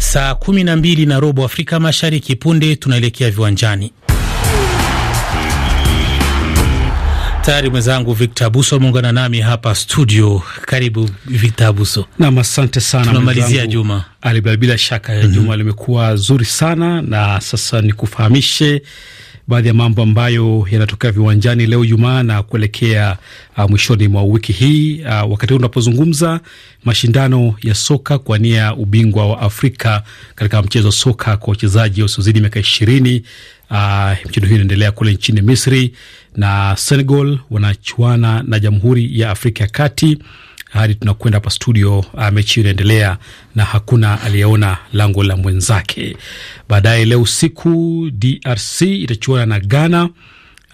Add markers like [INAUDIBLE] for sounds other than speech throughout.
saa 12 na robo Afrika Mashariki. Punde tunaelekea viwanjani. Tayari mwenzangu Victor Abuso ameungana nami hapa studio. Karibu Victor Abuso. Nam, asante sana. Tunamalizia juma alibila, bila shaka ya mhm. juma mm -hmm. limekuwa zuri sana na sasa nikufahamishe baadhi ya mambo ambayo yanatokea viwanjani leo Jumaa na kuelekea uh, mwishoni mwa wiki hii. Uh, wakati huu unapozungumza mashindano ya soka kwa nia ya ubingwa wa Afrika katika mchezo soka kwa wachezaji wasiozidi miaka ishirini. Uh, mchezo hii inaendelea kule nchini Misri na Senegal wanachuana na Jamhuri ya Afrika ya Kati hadi tunakwenda hapa studio, uh, mechi inaendelea na hakuna aliyeona lango la mwenzake. Baadaye leo usiku DRC itachuana na Ghana.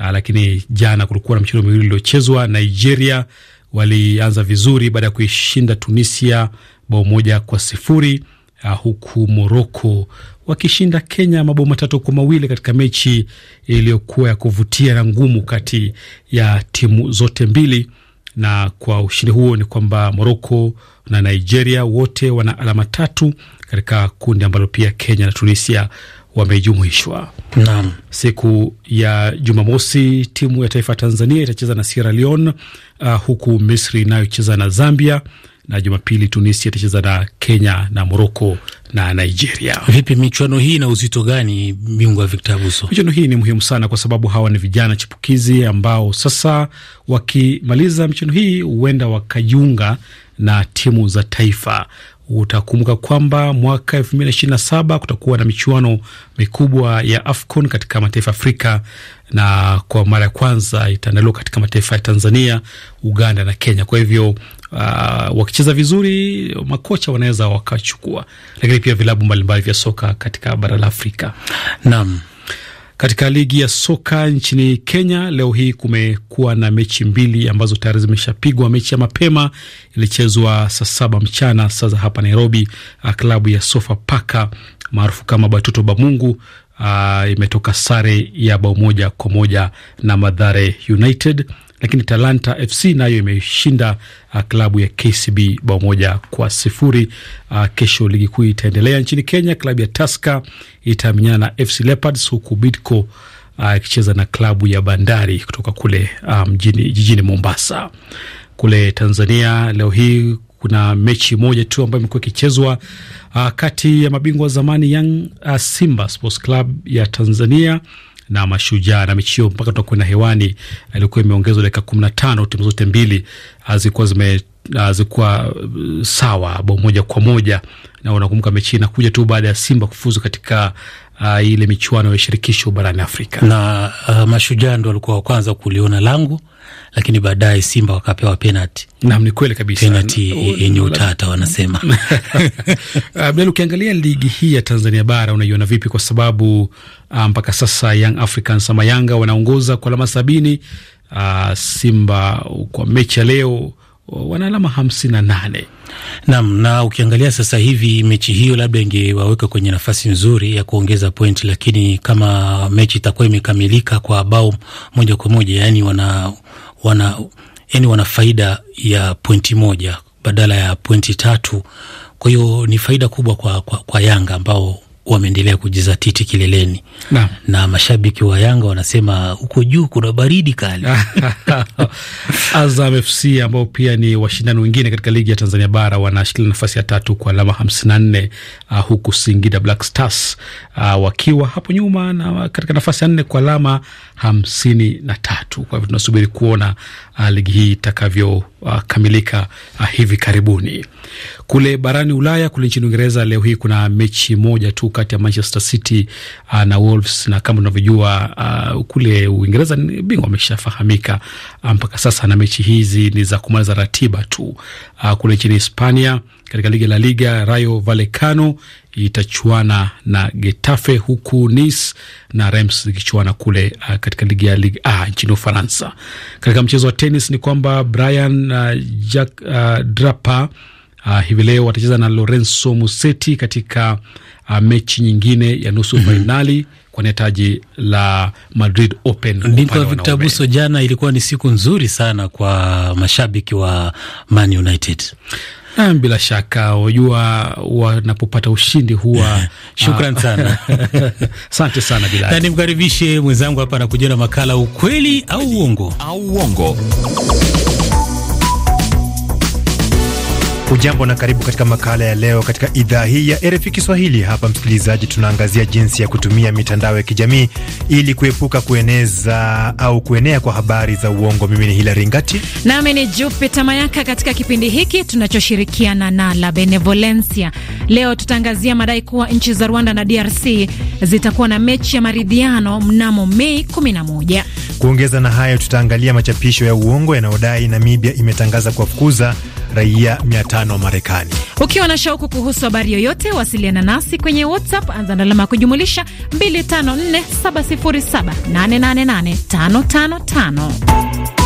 Uh, lakini jana kulikuwa na michezo miwili iliyochezwa. Nigeria walianza vizuri baada ya kuishinda Tunisia bao moja kwa sifuri Uh, huku Moroko wakishinda Kenya mabao matatu kwa mawili katika mechi iliyokuwa ya kuvutia na ngumu kati ya timu zote mbili na kwa ushindi huo ni kwamba Moroko na Nigeria wote wana alama tatu katika kundi ambalo pia Kenya na Tunisia wamejumuishwa. Naam. Siku ya Jumamosi timu ya taifa ya Tanzania itacheza na Sierra Leone, uh, huku Misri inayocheza na Zambia na Jumapili Tunisia itacheza na Kenya na Moroko na Nigeria. Vipi, michuano hii na uzito gani, miungu wa Victor Abuso? Michuano hii ni muhimu sana kwa sababu hawa ni vijana chipukizi ambao sasa wakimaliza michuano hii huenda wakajiunga na timu za taifa. Utakumbuka kwamba mwaka elfu mbili na ishirini na saba kutakuwa na michuano mikubwa ya AFCON katika mataifa Afrika, na kwa mara ya kwanza itaandaliwa katika mataifa ya Tanzania, Uganda na Kenya. Kwa hivyo uh, wakicheza vizuri makocha wanaweza wakachukua, lakini pia vilabu mbalimbali vya soka katika bara la Afrika. Naam. Katika ligi ya soka nchini Kenya leo hii kumekuwa na mechi mbili ambazo tayari zimeshapigwa. Mechi ya mapema ilichezwa saa saba mchana saa za hapa Nairobi. Uh, klabu ya Sofapaka maarufu kama Batoto ba Mungu uh, imetoka sare ya bao moja kwa moja na Madhare United lakini Talanta FC nayo imeshinda uh, klabu ya KCB bao moja kwa sifuri. Uh, kesho ligi kuu itaendelea nchini Kenya. Klabu ya Taska itamenyana na FC Leopards huku Bidco akicheza uh, na klabu ya Bandari kutoka kule um, uh, jini, jijini Mombasa. Kule Tanzania leo hii kuna mechi moja tu ambayo imekuwa ikichezwa uh, kati ya mabingwa wa zamani Young uh, Simba Sports Club ya Tanzania na Mashujaa. Na mechi hiyo mpaka tutakwenda hewani ilikuwa imeongezwa dakika kumi na tano, timu zote mbili zilikuwa zime zilikuwa uh, sawa bao moja kwa moja, na unakumbuka mechi inakuja tu baada ya Simba kufuzu katika uh, ile michuano ya shirikisho barani Afrika na uh, Mashujaa ndo walikuwa wa kwanza kuliona langu lakini baadaye Simba wakapewa penati. Naam, ni kweli kabisa, penati yenye utata wanasema. [LAUGHS] Abdul, ukiangalia ligi hii ya Tanzania bara unaiona vipi? Kwa sababu ah, mpaka um, sasa Young Africans ama Yanga wanaongoza kwa alama sabini. Uh, Simba kwa mechi ya leo wana alama hamsini na nane. Naam, na ukiangalia sasa hivi mechi hiyo labda ingewaweka kwenye nafasi nzuri ya kuongeza point lakini kama mechi itakuwa imekamilika kwa bao moja kwa moja, yani wana wana yani wana faida ya pointi moja badala ya pointi tatu. Kwa hiyo ni faida kubwa kwa, kwa, kwa Yanga ambao wameendelea kujizatiti kileleni na, na mashabiki wa Yanga wanasema huko juu kuna baridi kali. [LAUGHS] Azam FC ambao pia ni washindani wengine katika ligi ya Tanzania bara wanashikilia nafasi ya tatu kwa alama 54 uh, ah, huku Singida Black Stars uh, wakiwa hapo nyuma na katika nafasi ya nne kwa alama hamsini na tatu. Kwa hivyo tunasubiri kuona ligi hii itakavyokamilika hivi karibuni. Kule barani Ulaya, kule nchini Uingereza, leo hii kuna mechi moja tu kati ya Manchester City uh, na Wolves, na kama unavyojua uh, kule Uingereza bingwa ameshafahamika mpaka um, sasa, na mechi hizi ni za kumaliza ratiba tu. Uh, kule nchini Hispania katika ligi la Liga, Rayo Vallecano itachuana na Getafe, huku Nice na Reims zikichuana kule uh, katika ligi ya Ligue ah, nchini Ufaransa. Katika mchezo wa tenis ni kwamba Brian uh, Jack uh, Draper Uh, hivi leo watacheza na Lorenzo Musetti katika uh, mechi nyingine ya nusu mhm. fainali mm -hmm. kwenye taji la Madrid Open. Ndipo Victor Buso, jana ilikuwa ni siku nzuri sana kwa mashabiki wa Man United bila shaka wajua, wanapopata ushindi huwa [LAUGHS] shukran ah. sana [LAUGHS] asante sana bila na nimkaribishe mwenzangu hapa na kujiona makala ukweli au uongo au uongo Ujambo na karibu katika makala ya leo katika idhaa hii ya RFI Kiswahili. Hapa msikilizaji, tunaangazia jinsi ya kutumia mitandao ya kijamii ili kuepuka kueneza au kuenea kwa habari za uongo. Mimi ni Hilari Ngati nami ni Jupita Mayaka. Katika kipindi hiki tunachoshirikiana na la Benevolencia, leo tutaangazia madai kuwa nchi za Rwanda na DRC zitakuwa na mechi ya maridhiano mnamo Mei 11. Kuongeza na hayo, tutaangalia machapisho ya uongo yanayodai Namibia imetangaza kuwafukuza raia 500 wa Marekani. Ukiwa na shauku kuhusu habari yoyote, wasiliana nasi kwenye WhatsApp, anza na alama ya kujumulisha 254707888555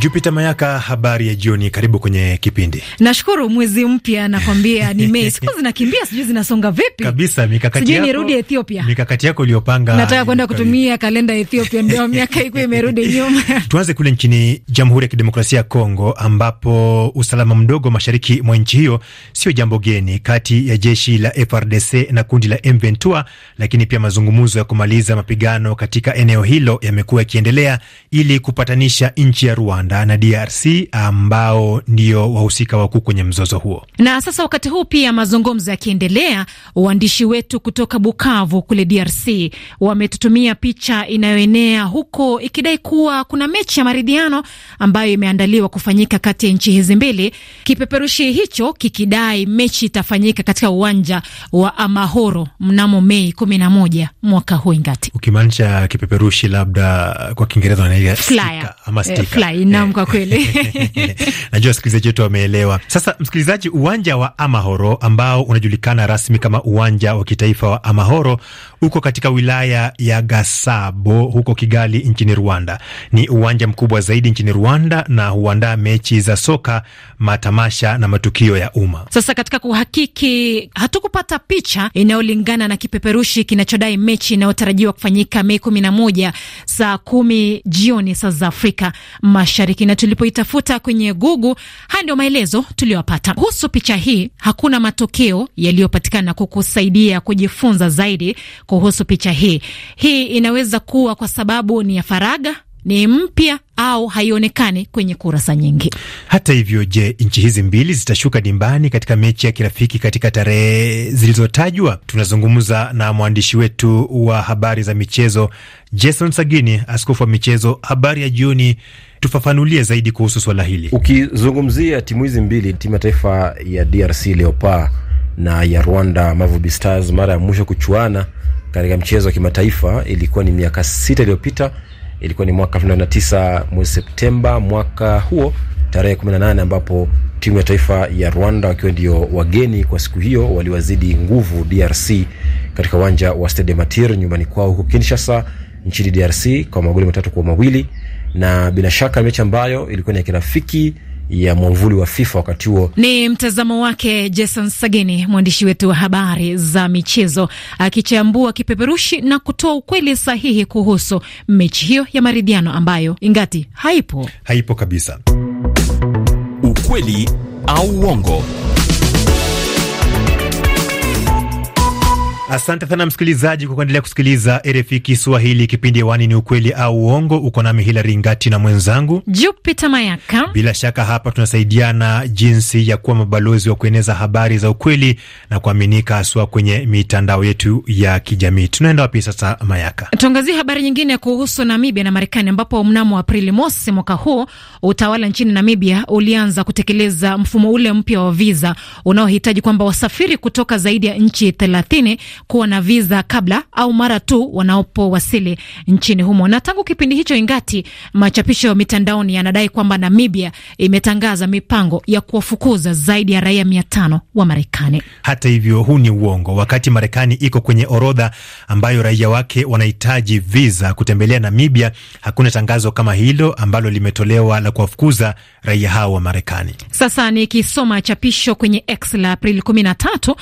jupita Mayaka, habari ya jioni, karibu kwenye kipindi. Nashukuru, mwezi mpya nakwambia, ni Mei, [LAUGHS] siku zinakimbia, sijui zinasonga vipi kabisa. Mikakati sijui nirudi Ethiopia, mikakati yako iliyopanga, nataka kwenda kutumia kalenda ya Ethiopia, ndio [LAUGHS] miaka iko imerudi nyuma. [LAUGHS] Tuanze kule nchini Jamhuri ya Kidemokrasia ya Kongo, ambapo usalama mdogo mashariki mwa nchi hiyo sio jambo geni kati ya jeshi la frdc na kundi la M23, lakini pia mazungumzo ya kumaliza mapigano katika eneo hilo yamekuwa yakiendelea ili kupatanisha nchi ya Rwanda Rwanda na DRC ambao ndio wahusika wakuu kwenye mzozo huo. Na sasa wakati huu pia mazungumzo yakiendelea, waandishi wetu kutoka Bukavu kule DRC wametutumia picha inayoenea huko ikidai kuwa kuna mechi ya maridhiano ambayo imeandaliwa kufanyika kati ya nchi hizi mbili, kipeperushi hicho kikidai mechi itafanyika katika uwanja wa Amahoro mnamo Mei kumi na moja mwaka huu. Ingati ukimaanisha kipeperushi labda kwa Kiingereza wanaita flyer ama eh, sticker, eh, flyer Naam, kwa kweli [LAUGHS] najua msikilizaji wetu wameelewa. Sasa msikilizaji, uwanja wa Amahoro ambao unajulikana rasmi kama uwanja wa kitaifa wa Amahoro uko katika wilaya ya Gasabo huko Kigali nchini Rwanda. Ni uwanja mkubwa zaidi nchini Rwanda na huandaa mechi za soka, matamasha na matukio ya umma. Sasa katika kuhakiki, hatukupata picha inayolingana na kipeperushi kinachodai mechi inayotarajiwa kufanyika Mei kumi na moja saa kumi jioni saa za Afrika Mashariki. Mashariki, na tulipoitafuta kwenye Google, haya ndio maelezo tuliyopata kuhusu picha hii. Hakuna matokeo yaliyopatikana kukusaidia kujifunza zaidi kuhusu picha hii. Hii inaweza kuwa kwa sababu ni ya faragha ni mpya au haionekani kwenye kurasa nyingi. Hata hivyo, je, nchi hizi mbili zitashuka dimbani katika mechi ya kirafiki katika tarehe zilizotajwa? Tunazungumza na mwandishi wetu wa habari za michezo Jason Sagini, askofu wa michezo. Habari ya jioni Tufafanulie zaidi kuhusu swala hili. Ukizungumzia timu hizi mbili, timu ya taifa ya DRC Leopards na ya Rwanda Mavubi Stars, mara ya mwisho kuchuana katika mchezo wa kimataifa ilikuwa ni miaka sita iliyopita. Ilikuwa ni mwaka elfu mwezi Septemba mwaka huo tarehe 18 ambapo timu ya taifa ya Rwanda wakiwa ndio wageni kwa siku hiyo waliwazidi nguvu DRC katika uwanja wa Stade Matir nyumbani kwao huko Kinshasa nchini DRC kwa magoli matatu kwa mawili na bila shaka mechi ambayo ilikuwa ni ya kirafiki ya mwamvuli wa FIFA wakati huo. Ni mtazamo wake Jason sageni mwandishi wetu wa habari za michezo, akichambua kipeperushi na kutoa ukweli sahihi kuhusu mechi hiyo ya maridhiano ambayo ingati haipo, haipo kabisa. Ukweli au uongo Asante sana msikilizaji kwa kuendelea kusikiliza RFI Kiswahili. Kipindi hewani ni ukweli au uongo. Uko nami Hilari Ngati na mwenzangu jupita Mayaka. Bila shaka hapa tunasaidiana jinsi ya kuwa mabalozi wa kueneza habari za ukweli na kuaminika, haswa kwenye mitandao yetu ya kijamii. Tunaenda wapi sasa, Mayaka? Tuangazie habari nyingine kuhusu Namibia na Marekani, ambapo mnamo Aprili mosi mwaka huu utawala nchini Namibia ulianza kutekeleza mfumo ule mpya wa viza unaohitaji kwamba wasafiri kutoka zaidi ya nchi thelathini kuwa na viza kabla au mara tu wanapowasili nchini humo. Na tangu kipindi hicho, ingati machapisho ya mitandaoni yanadai kwamba Namibia imetangaza mipango ya kuwafukuza zaidi ya raia mia tano wa Marekani. Hata hivyo, huu ni uongo. Wakati Marekani iko kwenye orodha ambayo raia wake wanahitaji viza kutembelea Namibia, hakuna tangazo kama hilo ambalo limetolewa la kuwafukuza raia hao wa Marekani. Sasa nikisoma chapisho kwenye X la Aprili tatu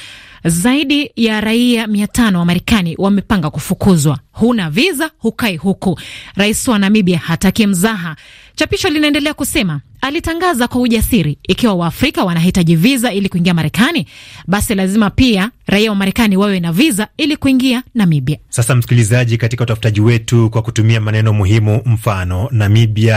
zaidi ya raia mia tano wa Marekani wamepanga kufukuzwa huna viza, hukai huku. Rais wa Namibia hataki mzaha. Chapisho linaendelea kusema alitangaza kwa ujasiri, ikiwa Waafrika wanahitaji viza ili kuingia Marekani, basi lazima pia raia wa Marekani wawe na viza ili kuingia Namibia. Sasa msikilizaji, katika utafutaji wetu kwa kutumia maneno muhimu, mfano Namibia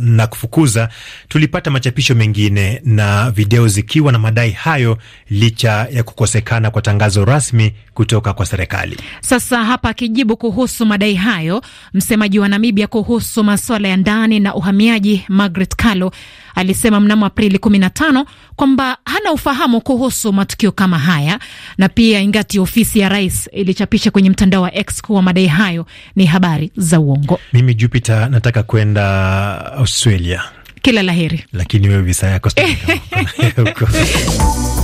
na kufukuza, tulipata machapisho mengine na video zikiwa na madai hayo, licha ya kukosekana kwa tangazo rasmi kutoka kwa serikali. Sasa hapa akijibu kuhusu madai hayo, msemaji wa Namibia kuhusu masuala ya ndani na uhamiaji, Margaret Kalo alisema mnamo Aprili 15 kwamba hana ufahamu kuhusu matukio kama haya, na pia ingati ofisi ya rais ilichapisha kwenye mtandao wa X kuwa madai hayo ni habari za uongo. Mimi Jupiter, nataka kwenda Australia. Kila laheri, lakini wewe visa yako [LAUGHS] [LAUGHS]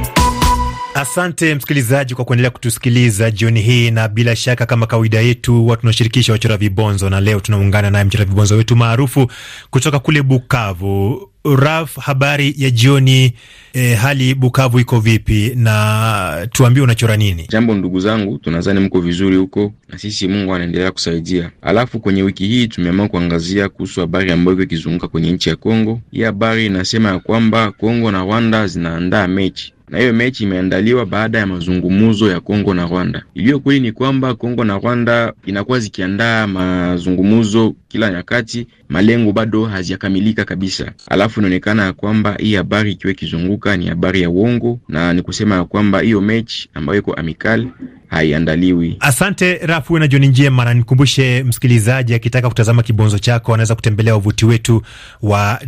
Asante msikilizaji kwa kuendelea kutusikiliza jioni hii, na bila shaka kama kawaida yetu huwa tunashirikisha wachora vibonzo, na leo tunaungana naye mchora vibonzo wetu maarufu kutoka kule Bukavu. Raf, habari ya jioni. E, hali Bukavu iko vipi? Na tuambie unachora nini? Jambo ndugu zangu, tunadhani mko vizuri huko, na sisi Mungu anaendelea kusaidia. Alafu kwenye wiki hii tumeamua kuangazia kuhusu habari ambayo iko ikizunguka kwenye nchi ya Kongo. Hii habari inasema ya kwamba Kongo na Rwanda zinaandaa mechi na hiyo mechi imeandaliwa baada ya mazungumzo ya Kongo na Rwanda. Iliyo kweli ni kwamba Kongo na Rwanda inakuwa zikiandaa mazungumzo kila nyakati malengo bado hazijakamilika kabisa. Alafu inaonekana ya kwamba hii habari ikiwa ikizunguka ni habari ya uongo, na ni kusema ya kwamba hiyo mechi ambayo iko amikal haiandaliwi. Asante Rafu na Joni Njema, na nikumbushe msikilizaji akitaka kutazama kibonzo chako anaweza kutembelea wavuti wetu wa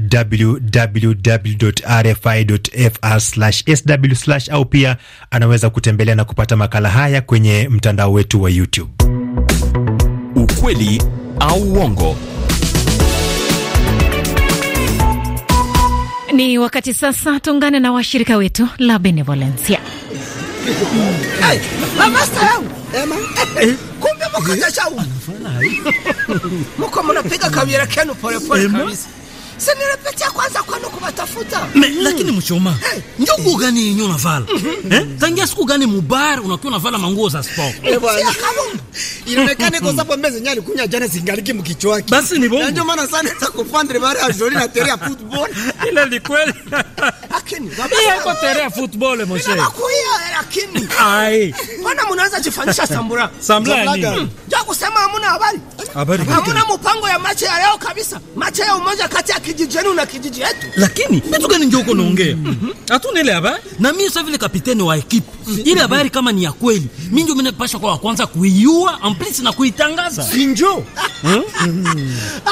www.rfi.fr/sw au pia anaweza kutembelea na kupata makala haya kwenye mtandao wetu wa YouTube. Ukweli au uongo Ni wakati sasa tuungane na washirika wetu la Benevolencia. Eh, kumbe mko mnapiga kabisa. Sinirepeti ya kwanza kwani kuwatafuta. Me, mm. Lakini mchoma. Hey. Eh. Njugu gani yenyewe unavala? Mm -hmm. Eh? Tangia siku gani mubar unakuwa unavala manguo za sport? Eh bwana. Inaonekana kwa sapo mbeze nyali kunya jana zingaliki mkichwa wake. Basi ni bongo. Ndio maana sana za kufandre bare a joli na teria football. [LAUGHS] Ile ni kweli. Lakini baba. Yeye kwa teria football moshe. Nakuia lakini ai mbona mnaanza jifanyisha sambura sambura nini? Hmm. Ndio kusema hamuna habari, habari hamuna mpango ya macho ya leo kabisa, macho ya umoja kati ya kijiji yenu na kijiji yetu. Lakini mtu gani ndio uko naongea? Hmm. Hmm. Hatuna ile habari, na mimi sasa vile kapiteni wa ekipi ile habari kama ni ya kweli, mimi ndio mnapasha kwa kwanza kuiua amplis na kuitangaza, si ndio? [LAUGHS]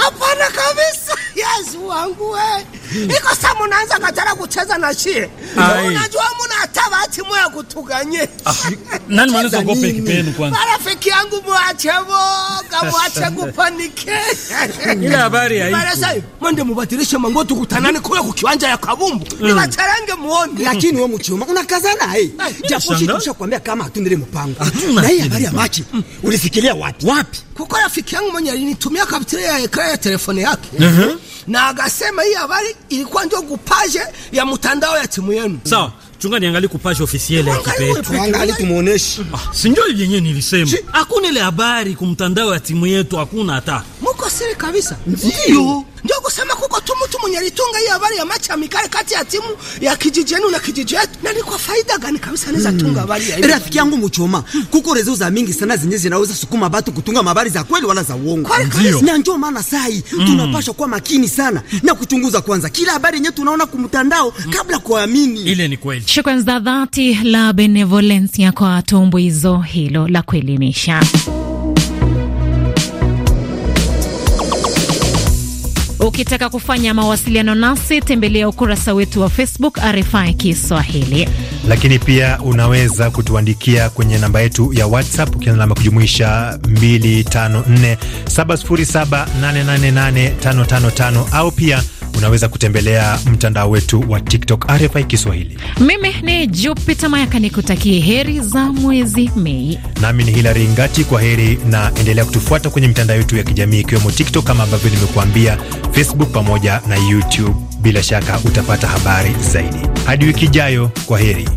Hapana kabisa mpenzi wangu we iko sa munaanza katara kucheza na shie unajua muna atava bahati moya kutuganye ah, nani mwanzo gope kipenu kwanza marafiki yangu muache boga mwache kupanike [LAUGHS] ile habari haiko barasa mwende mubadilishe mango tukutanane mm. kule ku kiwanja ya kabumbu mm. Ni nibatarenge muone lakini wewe mchuma unakazana hai eh. japo shi tushakwambia kama hatundile mpango na hii habari ya machi mm. ulifikiria wapi wapi kuko rafiki yangu mwenye alinitumia kaptura ya ekra ya telefone yake na akasema hii habari ilikuwa ndio gupaje ya mtandao ya timu yenu. Sawa chunga niangali kupasha ofisiele ya kipetu. Angali tumuoneshi. Ah, sinjoi yenyewe nilisema. Hakuna ile habari kumtandao ya timu yetu hakuna hata. Muko siri kabisa. Ndio. Ndio kusema kuko tu mtu mwenye alitunga hii habari ya macha mikali kati ya timu ya kijiji yenu na kijiji yetu. Na ni kwa faida gani kabisa anaweza hmm. tunga habari ya. Rafiki yangu Mchoma, kuko rezo za mingi sana zenye zinaweza sukuma watu kutunga habari za kweli wala za uongo. Na njoo maana sai hmm. tunapaswa kuwa makini sana na kuchunguza kwanza kila habari yenyewe tunaona kumtandao hmm. kabla kuamini. Ile ni kweli. Shukran za dhati la Benevolencia kwa tumbuizo hilo la kuelimisha. Ukitaka kufanya mawasiliano nasi tembelea ukurasa wetu wa Facebook RFI Kiswahili, lakini pia unaweza kutuandikia kwenye namba yetu ya WhatsApp ukianza namba kujumuisha 254 707 888 555 au pia unaweza kutembelea mtandao wetu wa TikTok RFI Kiswahili. Mimi ni Jupiter Mayaka nikutakie heri za mwezi Mei, nami ni hilari Ngati. Kwa heri na endelea kutufuata kwenye mitandao yetu ya kijamii ikiwemo TikTok kama ambavyo nimekuambia, Facebook pamoja na YouTube. Bila shaka utapata habari zaidi. Hadi wiki ijayo, kwa heri.